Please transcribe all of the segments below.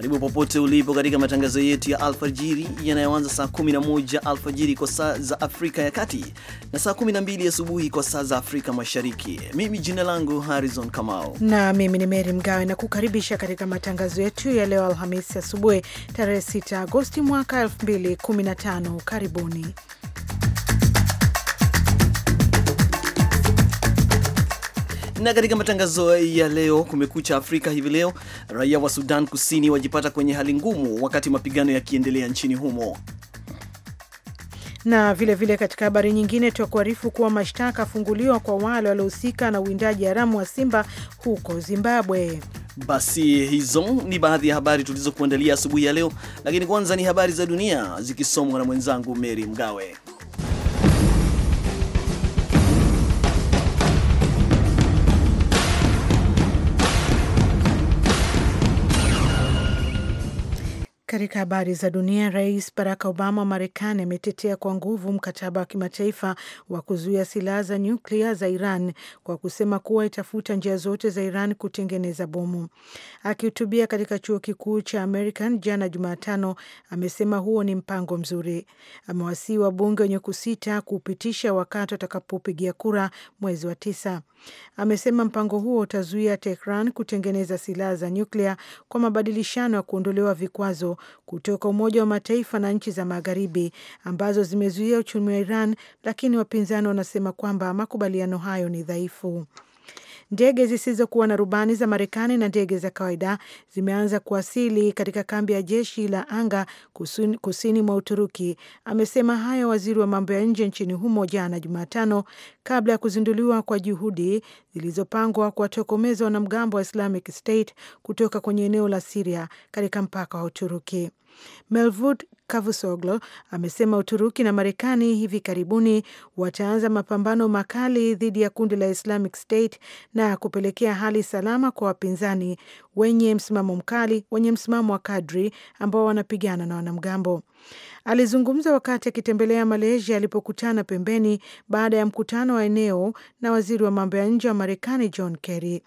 Karibu popote ulipo katika matangazo yetu ya alfajiri yanayoanza saa 11 alfajiri kwa saa za Afrika ya Kati na saa 12 asubuhi kwa saa za Afrika Mashariki. Mimi jina langu Harrison Kamau na mimi ni Mary Mgawe na kukaribisha katika matangazo yetu ya leo Alhamisi asubuhi tarehe 6 Agosti mwaka 2015. Karibuni. Na katika matangazo ya leo kumekucha Afrika hivi leo, raia wa Sudan Kusini wajipata kwenye hali ngumu wakati mapigano yakiendelea nchini humo. Na vilevile vile katika habari nyingine kuharifu kuwa mashtaka afunguliwa kwa wale waliohusika na uwindaji haramu wa simba huko Zimbabwe. Basi hizo ni baadhi ya habari tulizokuandalia asubuhi ya leo, lakini kwanza ni habari za dunia zikisomwa na mwenzangu Mary Mgawe. Katika habari za dunia, Rais Barack Obama wa Marekani ametetea kwa nguvu mkataba wa kimataifa wa kuzuia silaha za nyuklia za Iran kwa kusema kuwa itafuta njia zote za Iran kutengeneza bomu. Akihutubia katika chuo kikuu cha American jana Jumatano, amesema huo ni mpango mzuri. wa wabunge wenye kusita kuupitisha wakati watakapopigia kura mwezi wa tisa. Amesema mpango huo utazuia Tehran kutengeneza silaha za nyuklia kwa mabadilishano ya kuondolewa vikwazo kutoka Umoja wa Mataifa na nchi za Magharibi ambazo zimezuia uchumi wa Iran, lakini wapinzani wanasema kwamba makubaliano hayo ni dhaifu. Ndege zisizokuwa na rubani za Marekani na ndege za kawaida zimeanza kuwasili katika kambi ya jeshi la anga kusini, kusini mwa Uturuki. Amesema hayo waziri wa mambo ya nje nchini humo jana Jumatano, kabla ya kuzinduliwa kwa juhudi zilizopangwa kuwatokomeza wanamgambo wa Islamic State kutoka kwenye eneo la Siria katika mpaka wa Uturuki. Melvud Cavusoglu amesema Uturuki na Marekani hivi karibuni wataanza mapambano makali dhidi ya kundi la Islamic State na kupelekea hali salama kwa wapinzani wenye msimamo mkali, wenye msimamo wa kadri ambao wanapigana na wanamgambo. Alizungumza wakati akitembelea Malaysia alipokutana pembeni baada ya mkutano wa eneo na waziri wa mambo ya nje wa Marekani John Kerry.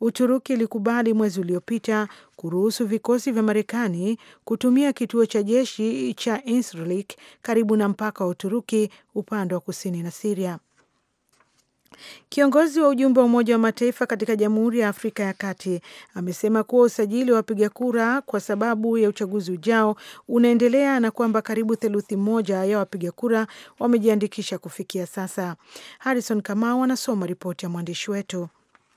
Uturuki ilikubali mwezi uliopita kuruhusu vikosi vya Marekani kutumia kituo cha jeshi cha Incirlik karibu na mpaka wa Uturuki upande wa kusini na Siria. Kiongozi wa ujumbe wa Umoja wa Mataifa katika Jamhuri ya Afrika ya Kati amesema kuwa usajili wa wapiga kura kwa sababu ya uchaguzi ujao unaendelea na kwamba karibu theluthi moja ya wapiga kura wamejiandikisha kufikia sasa. Harrison Kamau anasoma ripoti ya mwandishi wetu.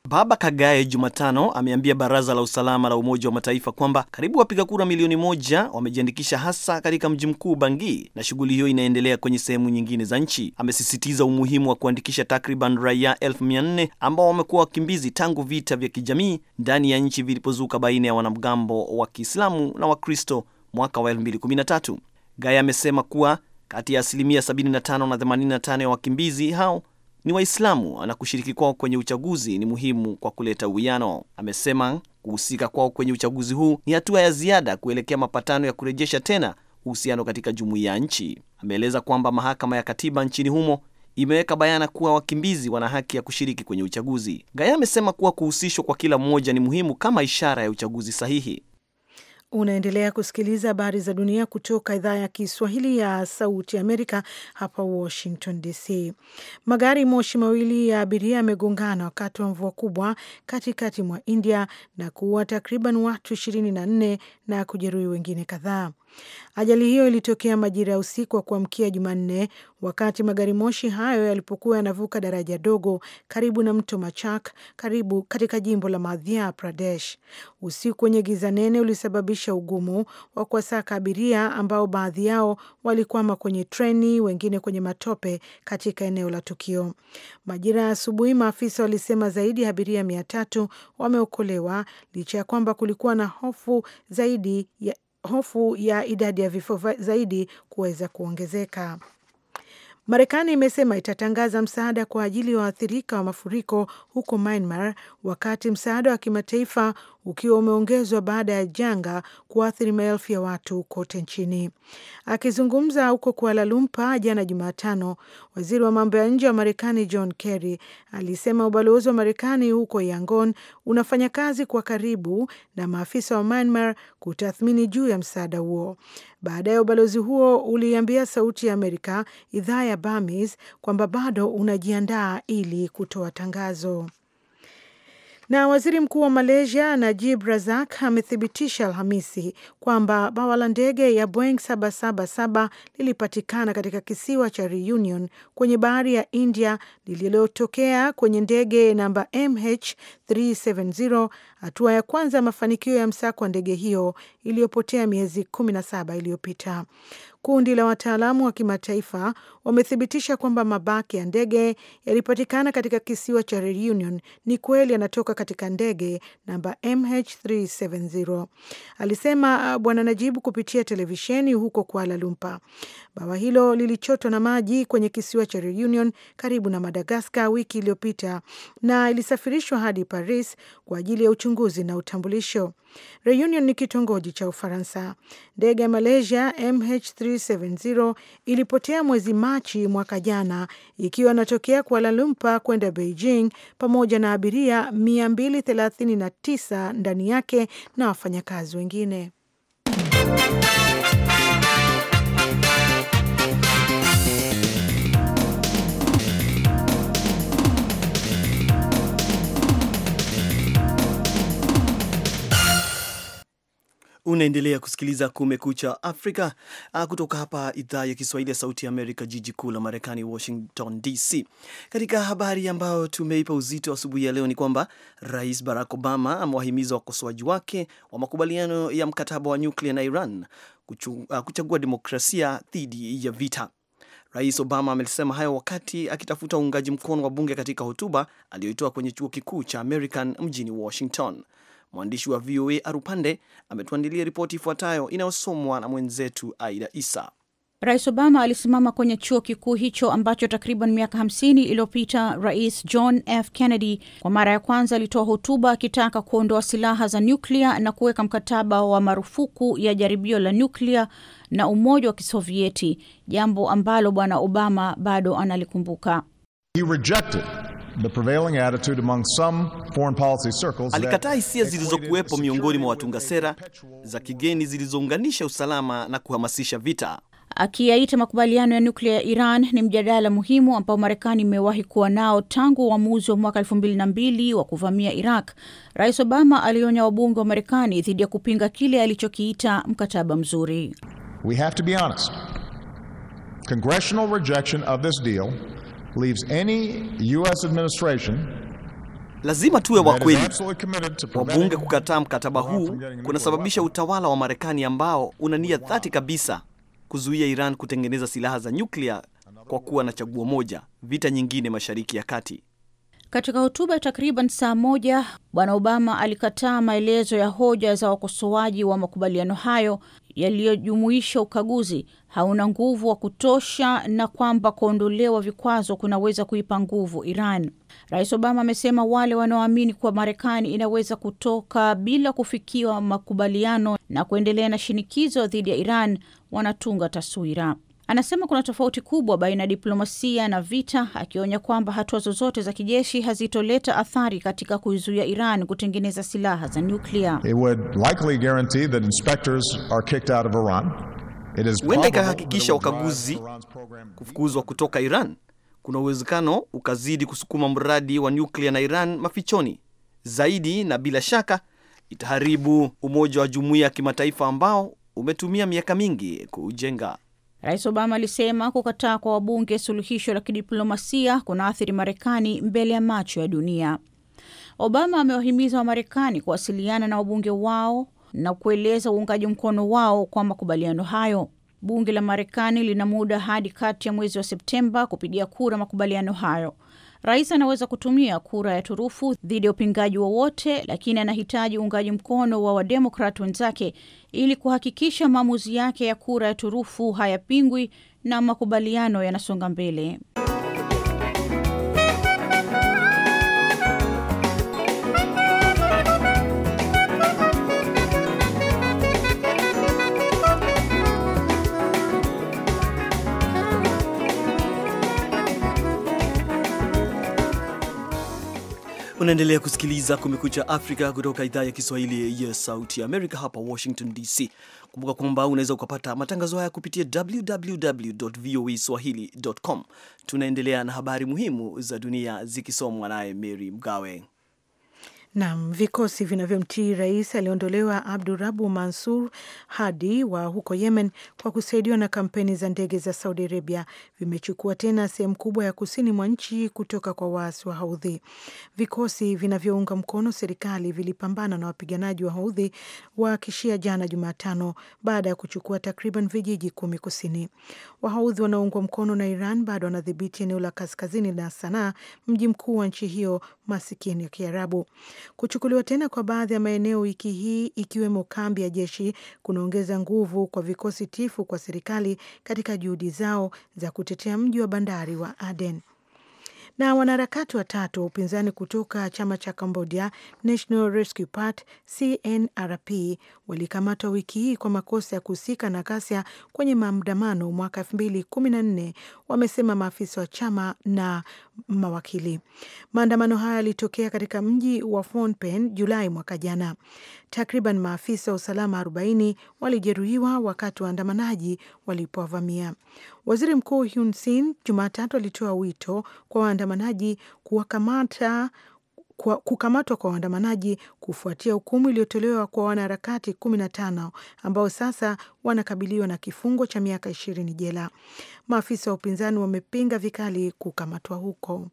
Baba Kagae Jumatano ameambia baraza la usalama la Umoja wa Mataifa kwamba karibu wapiga kura milioni moja wamejiandikisha hasa katika mji mkuu Bangi, na shughuli hiyo inaendelea kwenye sehemu nyingine za nchi. Amesisitiza umuhimu wa kuandikisha takriban raia elfu mia nne ambao wamekuwa wakimbizi tangu vita vya kijamii ndani ya nchi vilipozuka baina ya wanamgambo wa Kiislamu na Wakristo mwaka wa 2013. Gae amesema kuwa kati ya asilimia 75 na 85 ya wakimbizi hao ni Waislamu na kushiriki kwao kwenye uchaguzi ni muhimu kwa kuleta uwiano. Amesema kuhusika kwao kwenye uchaguzi huu ni hatua ya ziada kuelekea mapatano ya kurejesha tena uhusiano katika jumuiya ya nchi. Ameeleza kwamba mahakama ya katiba nchini humo imeweka bayana kuwa wakimbizi wana haki ya kushiriki kwenye uchaguzi. Gaya amesema kuwa kuhusishwa kwa kila mmoja ni muhimu kama ishara ya uchaguzi sahihi. Unaendelea kusikiliza habari za dunia kutoka idhaa ya Kiswahili ya Sauti Amerika hapa Washington DC. Magari moshi mawili ya abiria yamegongana wakati wa mvua kubwa katikati mwa India na kuua takriban watu ishirini na nne na kujeruhi wengine kadhaa. Ajali hiyo ilitokea majira ya usiku wa kuamkia Jumanne wakati magari moshi hayo yalipokuwa yanavuka daraja dogo karibu na mto Machak karibu katika jimbo la Madhya Pradesh. Usiku wenye giza nene ulisababisha ugumu wa kuwasaka abiria ambao baadhi yao walikwama kwenye treni, wengine kwenye matope katika eneo la tukio. Majira ya asubuhi, maafisa walisema zaidi ya abiria mia tatu wameokolewa licha ya kwamba kulikuwa na hofu zaidi ya hofu ya idadi ya vifo zaidi kuweza kuongezeka. Marekani imesema itatangaza msaada kwa ajili ya waathirika wa mafuriko huko Myanmar, wakati msaada wa kimataifa ukiwa umeongezwa baada ya janga kuathiri maelfu ya watu kote nchini. Akizungumza huko Kuala Lumpur jana Jumatano, waziri wa mambo ya nje wa Marekani John Kerry alisema ubalozi wa Marekani huko Yangon unafanya kazi kwa karibu na maafisa wa Myanmar kutathmini juu ya msaada huo. Baadaye ubalozi huo uliambia Sauti ya Amerika idhaa ya Bamis kwamba bado unajiandaa ili kutoa tangazo. Na waziri mkuu wa Malaysia Najib Razak amethibitisha Alhamisi kwamba bawa la ndege ya Boeing 777 lilipatikana katika kisiwa cha Reunion kwenye bahari ya India lililotokea kwenye ndege namba MH370, hatua ya kwanza ya mafanikio ya msako wa ndege hiyo iliyopotea miezi 17 iliyopita. Kundi la wataalamu wa kimataifa wamethibitisha kwamba mabaki ya ndege yalipatikana katika kisiwa cha Reunion ni kweli yanatoka katika ndege namba MH370, alisema uh, Bwana Najibu kupitia televisheni huko Kuala Lumpur. Bawa hilo lilichotwa na maji kwenye kisiwa cha Reunion karibu na Madagaskar wiki iliyopita na ilisafirishwa hadi Paris kwa ajili ya uchunguzi na utambulisho. Reunion ni kitongoji cha Ufaransa. Ndege ya Malaysia MH370 ilipotea mwezi Machi mwaka jana ikiwa inatokea Kuala Lumpur kwenda Beijing pamoja na abiria 239 ndani yake na wafanyakazi wengine. Unaendelea kusikiliza Kumekucha Afrika ah, kutoka hapa idhaa ya Kiswahili ya Sauti ya Amerika, jiji kuu la Marekani, Washington DC. Katika habari ambayo tumeipa uzito asubuhi ya leo ni kwamba Rais Barack Obama amewahimiza wakosoaji wake wa makubaliano ya mkataba wa nyuklia na Iran ah, kuchagua demokrasia dhidi ya vita. Rais Obama amesema hayo wakati akitafuta uungaji mkono wa bunge katika hotuba aliyoitoa kwenye chuo kikuu cha American mjini Washington. Mwandishi wa VOA Arupande ametuandilia ripoti ifuatayo inayosomwa na mwenzetu Aida Isa. Rais Obama alisimama kwenye chuo kikuu hicho ambacho takriban miaka 50 iliyopita Rais John F Kennedy kwa mara ya kwanza alitoa hotuba akitaka kuondoa silaha za nyuklia na kuweka mkataba wa marufuku ya jaribio la nyuklia na Umoja wa Kisovieti, jambo ambalo Bwana Obama bado analikumbuka. He rejected Alikataa hisia zilizokuwepo miongoni mwa watunga sera za kigeni zilizounganisha usalama na kuhamasisha vita. Akiyaita makubaliano ya nyuklia ya Iran ni mjadala muhimu ambao Marekani imewahi kuwa nao tangu uamuzi wa mwaka elfu mbili na mbili wa kuvamia Iraq. Rais Obama alionya wabunge wa Marekani dhidi ya kupinga kile alichokiita mkataba mzuri. We have to be honest. Congressional rejection of this deal leaves any US administration Lazima tuwe wa kweli. Wabunge kukataa mkataba huu kunasababisha utawala wa Marekani ambao una nia dhati kabisa kuzuia Iran kutengeneza silaha za nyuklia kwa kuwa na chaguo moja, vita nyingine Mashariki ya Kati. Katika hotuba ya takriban saa moja, Bwana Obama alikataa maelezo ya hoja za wakosoaji wa makubaliano hayo yaliyojumuisha ukaguzi hauna nguvu wa kutosha na kwamba kuondolewa vikwazo kunaweza kuipa nguvu Iran. Rais Obama amesema wale wanaoamini kuwa Marekani inaweza kutoka bila kufikiwa makubaliano na kuendelea na shinikizo dhidi ya Iran wanatunga taswira Anasema kuna tofauti kubwa baina ya diplomasia na vita, akionya kwamba hatua zozote za kijeshi hazitoleta athari katika kuizuia Iran kutengeneza silaha za nyuklia. Huenda ikahakikisha wakaguzi kufukuzwa kutoka Iran. Kuna uwezekano ukazidi kusukuma mradi wa nyuklia na Iran mafichoni zaidi, na bila shaka itaharibu umoja wa jumuiya ya kimataifa ambao umetumia miaka mingi kuujenga. Rais Obama alisema kukataa kwa wabunge suluhisho la kidiplomasia kunaathiri Marekani mbele ya macho ya dunia. Obama amewahimiza Wamarekani kuwasiliana na wabunge wao na kueleza uungaji mkono wao kwa makubaliano hayo. Bunge la Marekani lina muda hadi kati ya mwezi wa Septemba kupigia kura makubaliano hayo. Rais anaweza kutumia kura ya turufu dhidi ya upingaji wowote, lakini anahitaji uungaji mkono wa wademokrat wenzake ili kuhakikisha maamuzi yake ya kura ya turufu hayapingwi na makubaliano yanasonga mbele. Unaendelea kusikiliza Kumekucha Afrika kutoka idhaa ya Kiswahili ya Sauti ya Amerika hapa Washington DC. Kumbuka kwamba unaweza ukapata matangazo haya kupitia www voa swahili com. Tunaendelea na habari muhimu za dunia zikisomwa naye Mary Mgawe. Nam vikosi vinavyomtii rais aliondolewa Abdurabu Mansur Hadi wa huko Yemen kwa kusaidiwa na kampeni za ndege za Saudi Arabia vimechukua tena sehemu kubwa ya kusini mwa nchi kutoka kwa waasi wa Haudhi. Vikosi vinavyounga mkono serikali vilipambana na wapiganaji wa Haudhi wa kishia jana Jumatano baada ya kuchukua takriban vijiji kumi kusini. Wahaudhi wanaoungwa mkono na Iran bado wanadhibiti eneo la kaskazini la Sanaa, mji mkuu wa nchi hiyo masikini ya Kiarabu. Kuchukuliwa tena kwa baadhi ya maeneo wiki hii ikiwemo kambi ya jeshi kunaongeza nguvu kwa vikosi tifu kwa serikali katika juhudi zao za kutetea mji wa bandari wa Aden. Na wanaharakati watatu wa upinzani kutoka chama cha Cambodia National Rescue Party CNRP walikamatwa wiki hii kwa makosa ya kuhusika na ghasia kwenye maandamano mwaka elfu mbili kumi na nne, wamesema maafisa wa chama na mawakili. Maandamano haya yalitokea katika mji wa Phnom-penh Julai mwaka jana. Takriban maafisa wa usalama 40 walijeruhiwa wakati waandamanaji walipowavamia. Waziri Mkuu Hun Sen Jumatatu alitoa wito kwa waandamanaji kuwakamata kwa kukamatwa kwa waandamanaji kufuatia hukumu iliyotolewa kwa wanaharakati kumi na tano ambao sasa wanakabiliwa na kifungo cha miaka ishirini jela. Maafisa wa upinzani wamepinga vikali kukamatwa huko.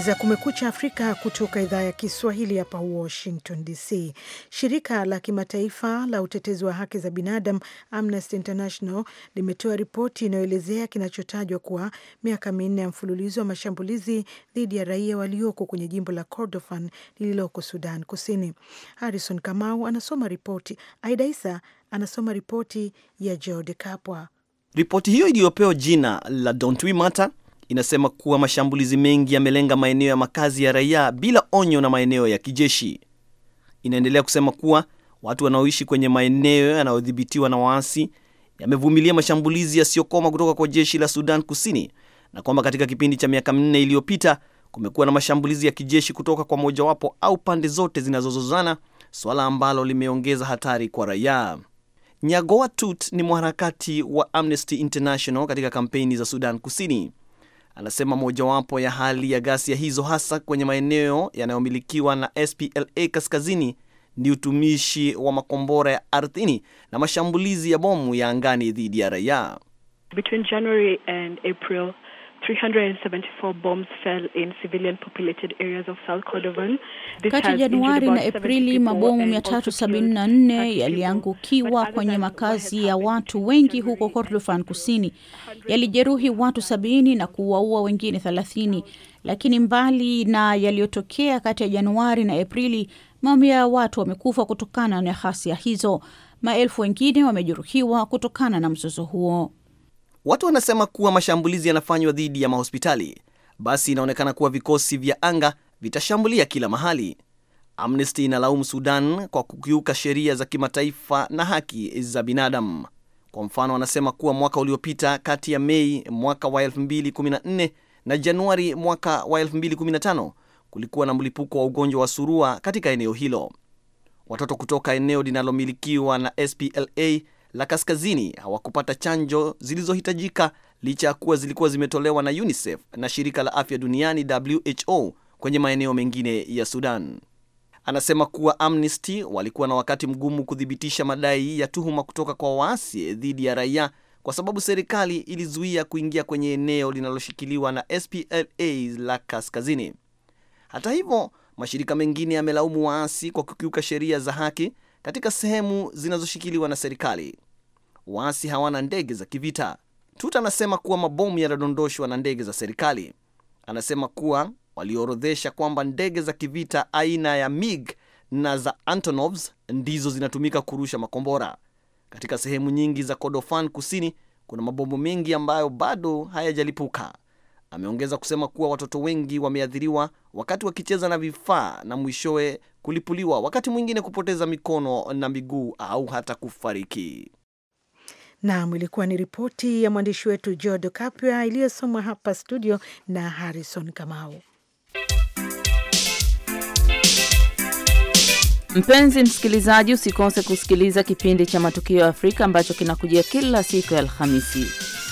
Unasikiliza Kumekucha Afrika kutoka idhaa ya Kiswahili hapa Washington DC. Shirika la kimataifa la utetezi wa haki za binadamu Amnesty International limetoa ripoti inayoelezea kinachotajwa kuwa miaka minne ya mfululizo wa mashambulizi dhidi ya raia walioko kwenye jimbo la Kordofan lililoko Sudan Kusini. Harrison Kamau anasoma ripoti. Aida Isa anasoma ripoti ya Jod Kapwa. Ripoti hiyo iliyopewa jina la Don't We Matter inasema kuwa mashambulizi mengi yamelenga maeneo ya makazi ya raia bila onyo na maeneo ya kijeshi. Inaendelea kusema kuwa watu wanaoishi kwenye maeneo yanayodhibitiwa na waasi yamevumilia mashambulizi yasiyokoma kutoka kwa jeshi la Sudan Kusini na kwamba katika kipindi cha miaka minne iliyopita kumekuwa na mashambulizi ya kijeshi kutoka kwa mojawapo au pande zote zinazozozana, suala ambalo limeongeza hatari kwa raia. Nyagoa Tut ni mwanaharakati wa Amnesty International katika kampeni za Sudan Kusini anasema mojawapo ya hali ya ghasia hizo hasa kwenye maeneo yanayomilikiwa na SPLA kaskazini ni utumishi wa makombora ya ardhini na mashambulizi ya bomu ya angani dhidi ya raia. Between January and April 374 bombs fell in civilian populated areas of South Kordofan. Kati ya Januari na Aprili mabomu 374 yaliangukiwa kwenye makazi ya watu wengi huko Kordofan Kusini, yalijeruhi watu sabini na kuwaua wengine 30. Lakini mbali na yaliyotokea kati ya Januari na Aprili, mamia ya watu wamekufa kutokana na ghasia hizo. Maelfu wengine wamejeruhiwa kutokana na mzozo huo. Watu wanasema kuwa mashambulizi yanafanywa dhidi ya mahospitali, basi inaonekana kuwa vikosi vya anga vitashambulia kila mahali. Amnesty inalaumu Sudan kwa kukiuka sheria za kimataifa na haki za binadamu. Kwa mfano, wanasema kuwa mwaka uliopita kati ya Mei mwaka wa 2014 na Januari mwaka wa 2015 kulikuwa na mlipuko wa ugonjwa wa surua katika eneo hilo. Watoto kutoka eneo linalomilikiwa na SPLA la kaskazini hawakupata chanjo zilizohitajika licha ya kuwa zilikuwa zimetolewa na UNICEF na shirika la afya duniani WHO kwenye maeneo mengine ya Sudan. Anasema kuwa Amnesty walikuwa na wakati mgumu kuthibitisha madai ya tuhuma kutoka kwa waasi dhidi ya raia kwa sababu serikali ilizuia kuingia kwenye eneo linaloshikiliwa na SPLA la kaskazini. Hata hivyo, mashirika mengine yamelaumu waasi kwa kukiuka sheria za haki katika sehemu zinazoshikiliwa na serikali. Waasi hawana ndege za kivita. Tut anasema kuwa mabomu yanadondoshwa na ndege za serikali. Anasema kuwa waliorodhesha kwamba ndege za kivita aina ya MiG na za Antonovs ndizo zinatumika kurusha makombora. Katika sehemu nyingi za Kordofan Kusini kuna mabomu mengi ambayo bado hayajalipuka. Ameongeza kusema kuwa watoto wengi wameathiriwa wakati wakicheza na vifaa na mwishowe kulipuliwa, wakati mwingine kupoteza mikono na miguu au hata kufariki. Nam, ilikuwa ni ripoti ya mwandishi wetu Jodo Capua iliyosomwa hapa studio na Harrison Kamau. Mpenzi msikilizaji, usikose kusikiliza kipindi cha Matukio ya Afrika ambacho kinakujia kila siku ya Alhamisi.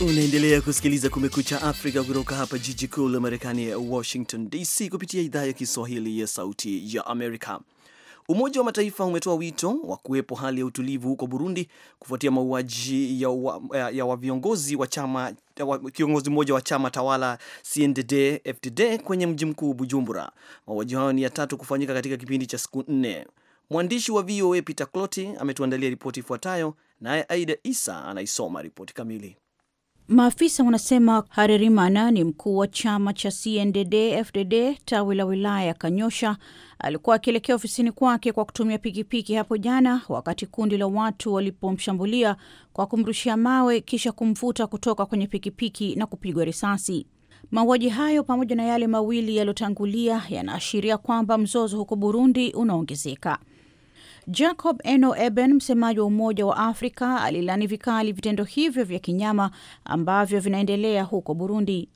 Unaendelea kusikiliza Kumekucha Afrika kutoka hapa jiji kuu la Marekani, Washington DC, kupitia idhaa ya Kiswahili ya Sauti ya Amerika. Umoja wa Mataifa umetoa wito wa kuwepo hali ya utulivu huko Burundi kufuatia mauaji ya, wa, ya wa viongozi wa chama kiongozi mmoja wa chama tawala CNDD FDD kwenye mji mkuu Bujumbura. Mauaji hayo ni ya tatu kufanyika katika kipindi cha siku nne. Mwandishi wa VOA Peter Cloti ametuandalia ripoti ifuatayo, naye Aida Isa anaisoma ripoti kamili. Maafisa wanasema Harerimana ni mkuu wa chama cha CNDD-FDD tawi la wilaya ya Kanyosha alikuwa akielekea ofisini kwake kwa kutumia pikipiki hapo jana, wakati kundi la watu walipomshambulia kwa kumrushia mawe kisha kumvuta kutoka kwenye pikipiki na kupigwa risasi. Mauaji hayo pamoja na yale mawili yaliyotangulia yanaashiria kwamba mzozo huko Burundi unaongezeka. Jacob Eno Eben, msemaji wa Umoja wa Afrika, alilani vikali vitendo hivyo vya kinyama ambavyo vinaendelea huko Burundi.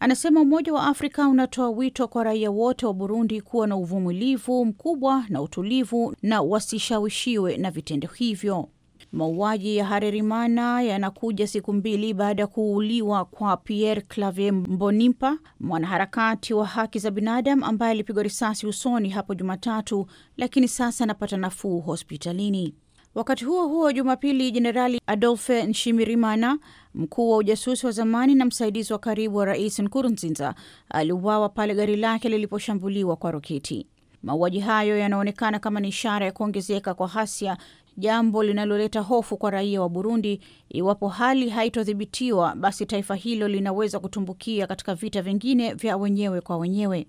Anasema Umoja wa Afrika unatoa wito kwa raia wote wa Burundi kuwa na uvumilivu mkubwa na utulivu na wasishawishiwe na vitendo hivyo. Mauaji ya Harerimana yanakuja siku mbili baada ya kuuliwa kwa Pierre Claver Mbonimpa, mwanaharakati wa haki za binadamu ambaye alipigwa risasi usoni hapo Jumatatu, lakini sasa anapata nafuu hospitalini. Wakati huo huo, Jumapili, Jenerali Adolphe Nshimirimana, mkuu wa ujasusi wa zamani na msaidizi wa karibu wa rais Nkurunziza, aliuawa pale gari lake liliposhambuliwa kwa roketi. Mauaji hayo yanaonekana kama ni ishara ya kuongezeka kwa ghasia, jambo linaloleta hofu kwa raia wa Burundi. Iwapo hali haitodhibitiwa, basi taifa hilo linaweza kutumbukia katika vita vingine vya wenyewe kwa wenyewe.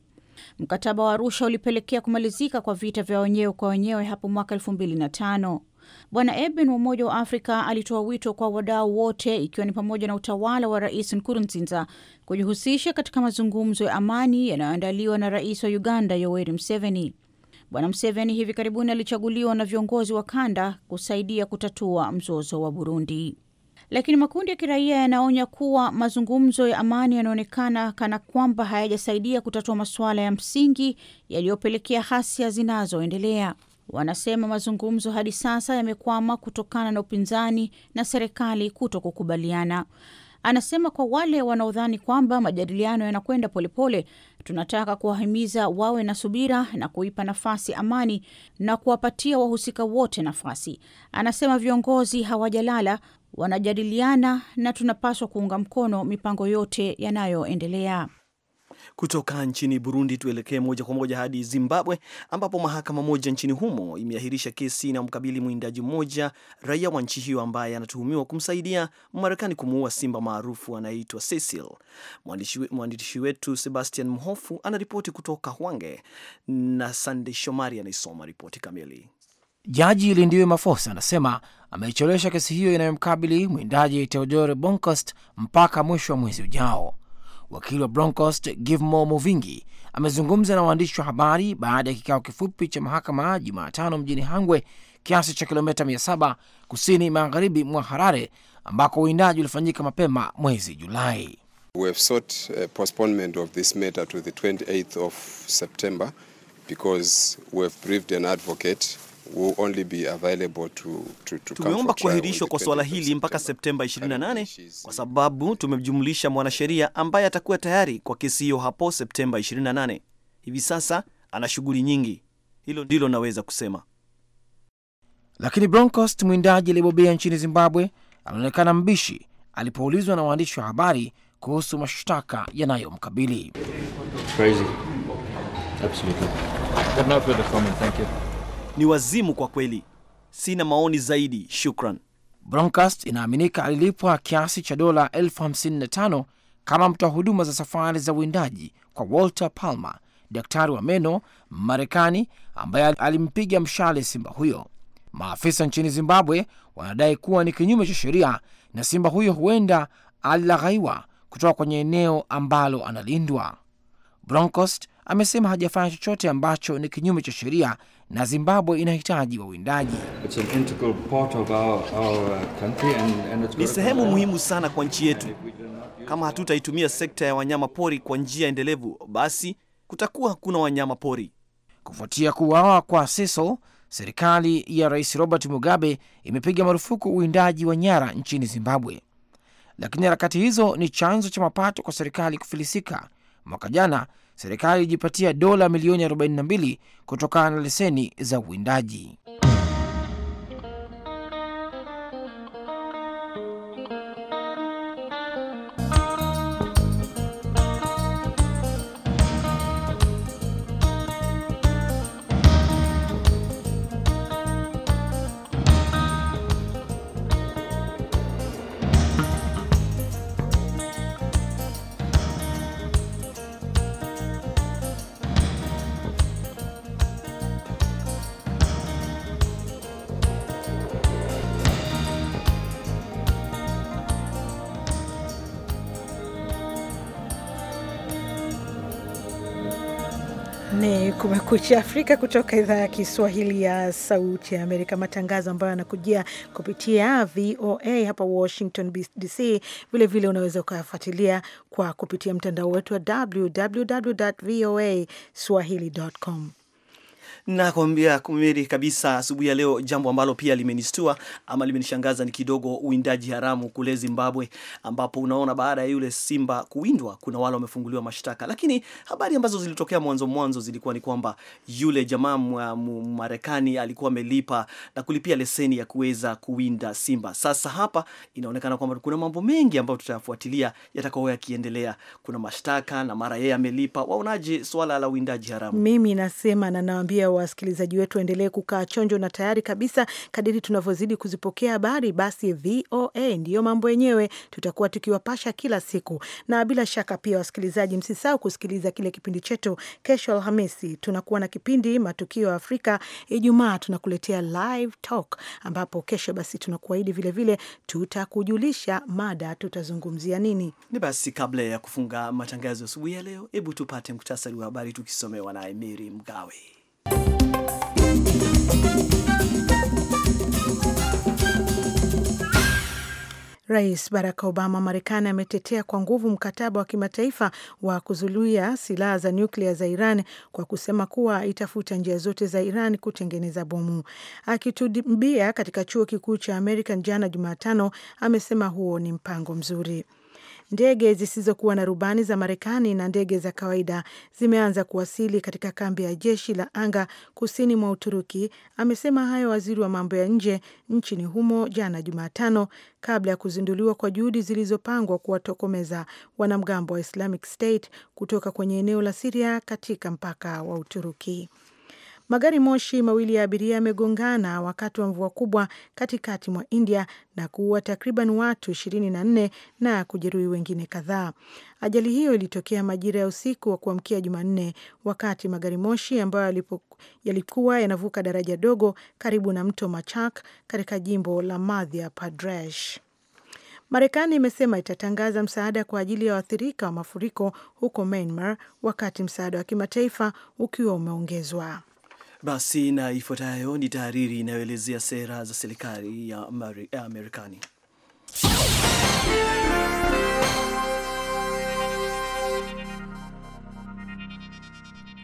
Mkataba wa Arusha ulipelekea kumalizika kwa vita vya wenyewe kwa wenyewe hapo mwaka elfu mbili na tano. Bwana Eben wa Umoja wa Afrika alitoa wito kwa wadau wote, ikiwa ni pamoja na utawala wa Rais Nkurunziza kujihusisha katika mazungumzo ya amani yanayoandaliwa na rais wa Uganda Yoweri Museveni. Bwana Museveni hivi karibuni alichaguliwa na viongozi wa kanda kusaidia kutatua mzozo wa Burundi, lakini makundi ya kiraia yanaonya kuwa mazungumzo ya amani yanaonekana kana kwamba hayajasaidia kutatua masuala ya msingi yaliyopelekea ghasia zinazoendelea wanasema mazungumzo hadi sasa yamekwama kutokana na upinzani na serikali kuto kukubaliana. Anasema kwa wale wanaodhani kwamba majadiliano yanakwenda polepole, tunataka kuwahimiza wawe na subira na kuipa nafasi amani na kuwapatia wahusika wote nafasi. Anasema viongozi hawajalala, wanajadiliana na tunapaswa kuunga mkono mipango yote yanayoendelea. Kutoka nchini Burundi tuelekee moja kwa moja hadi Zimbabwe, ambapo mahakama moja nchini humo imeahirisha kesi inayomkabili mwindaji mmoja raia wa nchi hiyo ambaye anatuhumiwa kumsaidia Marekani kumuua simba maarufu anayeitwa Cecil. Mwandishi wetu Sebastian Mhofu anaripoti kutoka Hwange na Sandey Shomari anaisoma ripoti kamili. Jaji Lindiwe Mafosa anasema ameichelewesha kesi hiyo inayomkabili mwindaji teodore bonkost mpaka mwisho wa mwezi ujao. Wakili wa Broncos givmo Movingi amezungumza na waandishi wa habari baada ya kikao kifupi cha mahakama Jumatano mjini Hangwe, kiasi cha kilomita 700 kusini magharibi mwa Harare, ambako uindaji ulifanyika mapema mwezi Julai. We have sought a uh, postponement of this matter to the 28th of September because we have briefed an advocate tumeomba kuahirishwa kwa suala hili mpaka Septemba 28 kwa sababu tumemjumlisha mwanasheria ambaye atakuwa tayari kwa kesi hiyo hapo Septemba 28. Hivi sasa ana shughuli nyingi, hilo ndilo naweza kusema. Lakini Bronkhorst, mwindaji aliyebobea nchini Zimbabwe, anaonekana mbishi alipoulizwa na waandishi wa habari kuhusu mashtaka yanayomkabili ni wazimu kwa kweli. Sina maoni zaidi, shukran. Broncast inaaminika alilipwa kiasi cha dola elfu hamsini na tano kama mtoa huduma za safari za uwindaji kwa Walter Palmer, daktari wa meno Marekani ambaye alimpiga mshale simba huyo. Maafisa nchini Zimbabwe wanadai kuwa ni kinyume cha sheria na simba huyo huenda alilaghaiwa kutoka kwenye eneo ambalo analindwa. Broncost amesema hajafanya chochote ambacho ni kinyume cha sheria na Zimbabwe inahitaji wawindaji. Uh, ni sehemu muhimu sana kwa nchi yetu. Kama hatutaitumia sekta ya wanyama pori kwa njia endelevu, basi kutakuwa hakuna wanyama pori. Kufuatia kuuawa kwa Sisal, serikali ya Rais Robert Mugabe imepiga marufuku uwindaji wa nyara nchini Zimbabwe, lakini harakati hizo ni chanzo cha mapato kwa serikali kufilisika. Mwaka jana serikali ilijipatia dola milioni 42 kutokana na leseni za uwindaji. Kumekucha Afrika kutoka idhaa ya Kiswahili ya Sauti ya Amerika, matangazo ambayo yanakujia kupitia VOA hapa Washington DC. Vilevile unaweza ukayafuatilia kwa kupitia mtandao wetu wa www voa swahili.com. Nakwambia kumeri kabisa asubuhi ya leo, jambo ambalo pia limenistua ama limenishangaza ni kidogo uwindaji haramu kule Zimbabwe, ambapo unaona baada ya yule simba kuwindwa kuna wale wamefunguliwa mashtaka, lakini habari ambazo zilitokea mwanzo mwanzo zilikuwa ni kwamba yule jamaa Marekani alikuwa amelipa na kulipia leseni ya kuweza kuwinda simba. Sasa hapa inaonekana kwamba kuna mambo mengi ambayo tutayafuatilia yatakayo yakiendelea. Kuna mashtaka na mara yeye amelipa. Waonaje swala la uwindaji haramu? Mimi nasema na nawaambia wasikilizaji wetu waendelee kukaa chonjo na tayari kabisa. Kadiri tunavyozidi kuzipokea habari, basi VOA ndiyo mambo yenyewe, tutakuwa tukiwapasha kila siku. Na bila shaka pia, wasikilizaji, msisahau kusikiliza kile kipindi chetu kesho Alhamisi. Tunakuwa na kipindi matukio ya Afrika. Ijumaa tunakuletea live talk, ambapo kesho basi tunakuahidi vilevile tutakujulisha mada tutazungumzia nini. Ni basi, kabla ya kufunga matangazo asubuhi ya leo, hebu tupate muhtasari wa habari tukisomewa na Emiri Mgawe. Rais Barack Obama Marekani ametetea kwa nguvu mkataba wa kimataifa wa kuzuia silaha za nyuklia za Iran kwa kusema kuwa itafuta njia zote za Iran kutengeneza bomu. akitubia katika chuo kikuu cha American jana Jumatano, amesema huo ni mpango mzuri. Ndege zisizokuwa na rubani za Marekani na ndege za kawaida zimeanza kuwasili katika kambi ya jeshi la anga kusini mwa Uturuki. Amesema hayo waziri wa mambo ya nje nchini humo jana Jumatano, kabla ya kuzinduliwa kwa juhudi zilizopangwa kuwatokomeza wanamgambo wa Islamic State kutoka kwenye eneo la Siria katika mpaka wa Uturuki. Magari moshi mawili ya abiria yamegongana wakati wa mvua kubwa katikati mwa India na kuua takriban watu ishirini na nne na kujeruhi wengine kadhaa. Ajali hiyo ilitokea majira ya usiku wa kuamkia Jumanne wakati magari moshi ambayo yalikuwa yanavuka daraja dogo karibu na mto Machak katika jimbo la Madhya Pradesh. Marekani imesema itatangaza msaada kwa ajili ya waathirika wa mafuriko huko Myanmar wakati msaada wa kimataifa ukiwa umeongezwa. Basi na ifuatayo ni tahariri inayoelezea sera za serikali ya Marekani.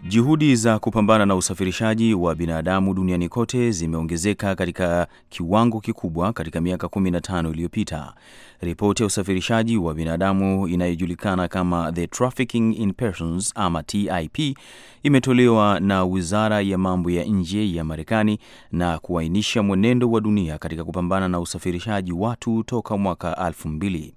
Juhudi za kupambana na usafirishaji wa binadamu duniani kote zimeongezeka katika kiwango kikubwa katika miaka 15 iliyopita. Ripoti ya usafirishaji wa binadamu inayojulikana kama The Trafficking in Persons ama TIP imetolewa na Wizara ya Mambo ya Nje ya Marekani na kuainisha mwenendo wa dunia katika kupambana na usafirishaji watu toka mwaka 2000.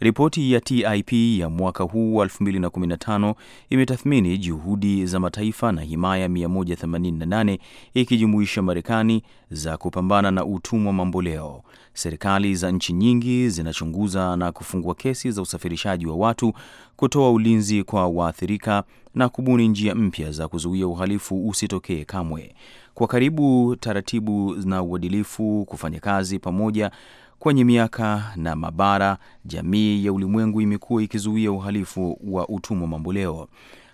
Ripoti ya TIP ya mwaka huu wa 2015 imetathmini juhudi za mataifa na himaya 188 ikijumuisha Marekani za kupambana na utumwa mamboleo. Serikali za nchi nyingi zinachunguza na kufungua kesi za usafirishaji wa watu, kutoa ulinzi kwa waathirika na kubuni njia mpya za kuzuia uhalifu usitokee kamwe. Kwa karibu, taratibu na uadilifu kufanya kazi pamoja Kwenye miaka na mabara, jamii ya ulimwengu imekuwa ikizuia uhalifu wa utumwa mamboleo.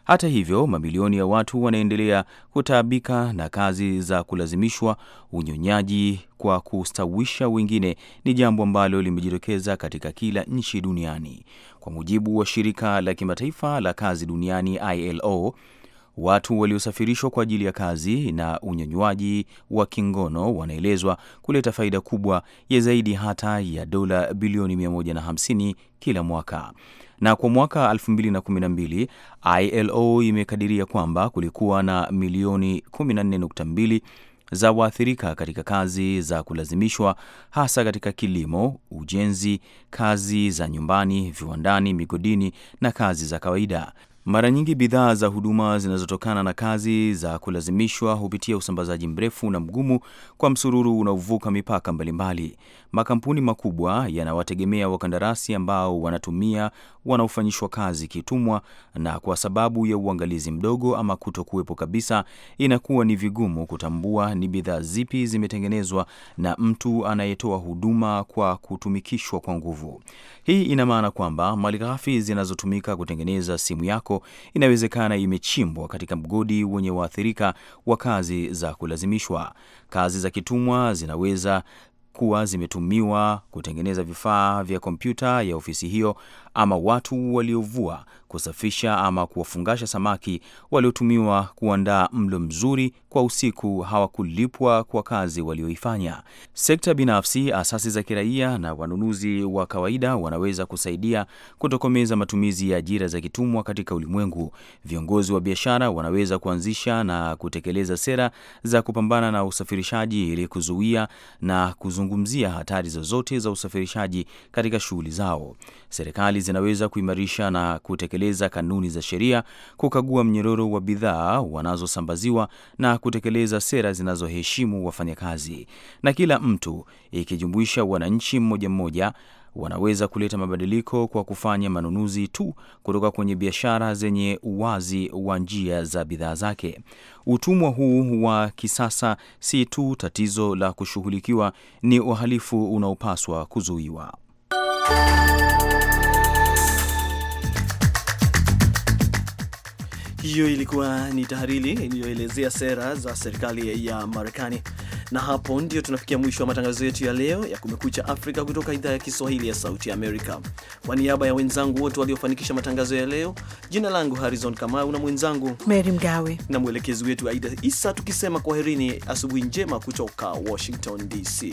Hata hivyo, mamilioni ya watu wanaendelea kutaabika na kazi za kulazimishwa. Unyonyaji kwa kustawisha wengine ni jambo ambalo limejitokeza katika kila nchi duniani. Kwa mujibu wa shirika la kimataifa la kazi duniani ILO, Watu waliosafirishwa kwa ajili ya kazi na unyanywaji wa kingono wanaelezwa kuleta faida kubwa ya zaidi hata ya dola bilioni 150 kila mwaka na kwa mwaka 2012 ILO imekadiria kwamba kulikuwa na milioni 14.2 za waathirika katika kazi za kulazimishwa, hasa katika kilimo, ujenzi, kazi za nyumbani, viwandani, migodini na kazi za kawaida. Mara nyingi bidhaa za huduma zinazotokana na kazi za kulazimishwa hupitia usambazaji mrefu na mgumu kwa msururu unaovuka mipaka mbalimbali. Makampuni makubwa yanawategemea wakandarasi ambao wanatumia wanaofanyishwa kazi kitumwa, na kwa sababu ya uangalizi mdogo ama kuto kuwepo kabisa, inakuwa ni vigumu kutambua ni bidhaa zipi zimetengenezwa na mtu anayetoa huduma kwa kutumikishwa kwa nguvu. Hii ina maana kwamba malighafi zinazotumika kutengeneza simu yako ambako inawezekana imechimbwa katika mgodi wenye waathirika wa kazi za kulazimishwa. Kazi za kitumwa zinaweza kuwa zimetumiwa kutengeneza vifaa vya kompyuta ya ofisi hiyo ama watu waliovua, kusafisha ama kuwafungasha samaki waliotumiwa kuandaa mlo mzuri kwa usiku hawakulipwa kwa kazi walioifanya. Sekta binafsi, asasi za kiraia na wanunuzi wa kawaida wanaweza kusaidia kutokomeza matumizi ya ajira za kitumwa katika ulimwengu. Viongozi wa biashara wanaweza kuanzisha na kutekeleza sera za kupambana na usafirishaji ili kuzuia na kuzungu kuzungumzia hatari zozote za usafirishaji katika shughuli zao. Serikali zinaweza kuimarisha na kutekeleza kanuni za sheria, kukagua mnyororo wa bidhaa wanazosambaziwa na kutekeleza sera zinazoheshimu wafanyakazi na kila mtu, ikijumuisha wananchi mmoja mmoja wanaweza kuleta mabadiliko kwa kufanya manunuzi tu kutoka kwenye biashara zenye uwazi wa njia za bidhaa zake. Utumwa huu wa kisasa si tu tatizo la kushughulikiwa, ni uhalifu unaopaswa kuzuiwa. Hiyo ilikuwa ni tahariri iliyoelezea sera za serikali ya Marekani. Na hapo ndio tunafikia mwisho wa matangazo yetu ya leo ya Kumekucha Afrika kutoka idhaa ya Kiswahili ya Sauti Amerika. Kwa niaba ya wenzangu wote waliofanikisha matangazo ya leo, jina langu Harrison Kamau na mwenzangu Mary Mgawe na mwelekezi wetu Aida Isa, tukisema kwaherini, asubuhi njema kutoka Washington DC.